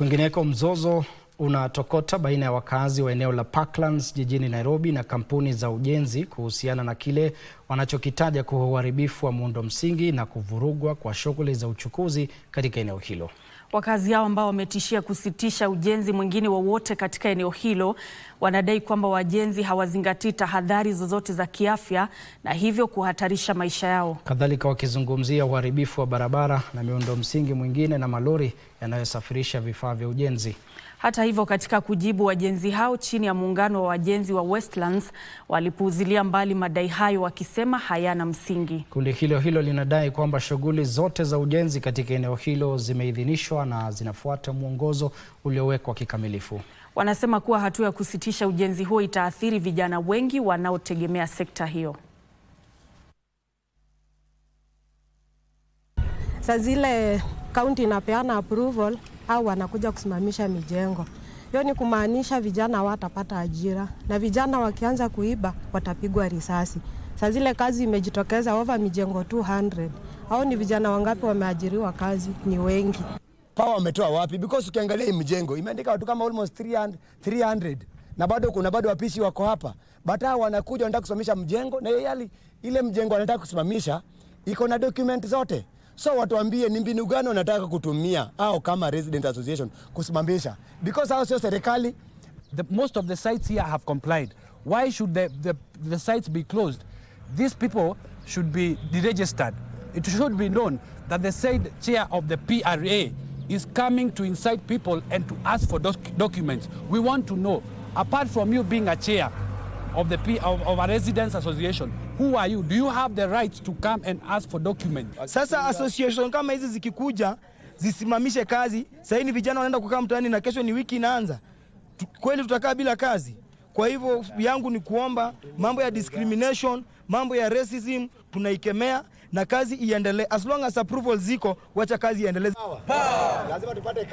Kwingineko, mzozo unatokota baina ya wakazi wa eneo la Parklands jijini Nairobi na kampuni za ujenzi kuhusiana na kile wanachokitaja kuwa uharibifu wa muundo msingi na kuvurugwa kwa shughuli za uchukuzi katika eneo hilo. Wakazi hao ambao wametishia kusitisha ujenzi mwingine wowote katika eneo hilo wanadai kwamba wajenzi hawazingatii tahadhari zozote za kiafya na hivyo kuhatarisha maisha yao. Kadhalika, wakizungumzia uharibifu wa barabara na miundo msingi mwingine na malori yanayosafirisha vifaa vya ujenzi. Hata hivyo, katika kujibu, wajenzi hao chini ya muungano wa wajenzi wa Westlands walipuuzilia mbali madai hayo wakisema wakisema hayana msingi. Kundi hilo hilo linadai kwamba shughuli zote za ujenzi katika eneo hilo zimeidhinishwa na zinafuata mwongozo uliowekwa kikamilifu. Wanasema kuwa hatua ya kusitisha ujenzi huo itaathiri vijana wengi wanaotegemea sekta hiyo. sa zile kaunti inapeana approval au wanakuja kusimamisha mijengo hiyo ni kumaanisha vijana hawatapata ajira, na vijana wakianza kuiba watapigwa risasi. Saa zile kazi imejitokeza over mijengo 200. Au ni vijana wangapi wameajiriwa kazi? Ni wengi. Power wametoa wapi? Because ukiangalia hii mijengo imeandika watu kama almost 300, 300 na bado kuna bado wapishi wako hapa, Bata wanakuja wanataka kusimamisha mjengo na yali ile mjengo wanataka kusimamisha iko na document zote, so watuambie ni mbinu gani wanataka kutumia au kama resident association kusimamisha, because hao sio serikali. The most of the sites here have complied. Why should the, the, the sites be closed? these people should be deregistered. It should be known that the said chair of the PRA is coming to incite people and to ask for doc documents. We want to know, apart from you being a chair of, the P of, of a residence association, who are you? Do you have the right to come and ask for documents? Sasa association kama hizi zikikuja zisimamishe kazi. Sasa hivi vijana wanaenda kukaa mtaani na kesho ni wiki inaanza. Kweli tutakaa bila kazi? Kwa hivyo yangu ni kuomba mambo ya discrimination, mambo ya racism tunaikemea na kazi iendelee. As long as approval ziko, wacha kazi iendelee.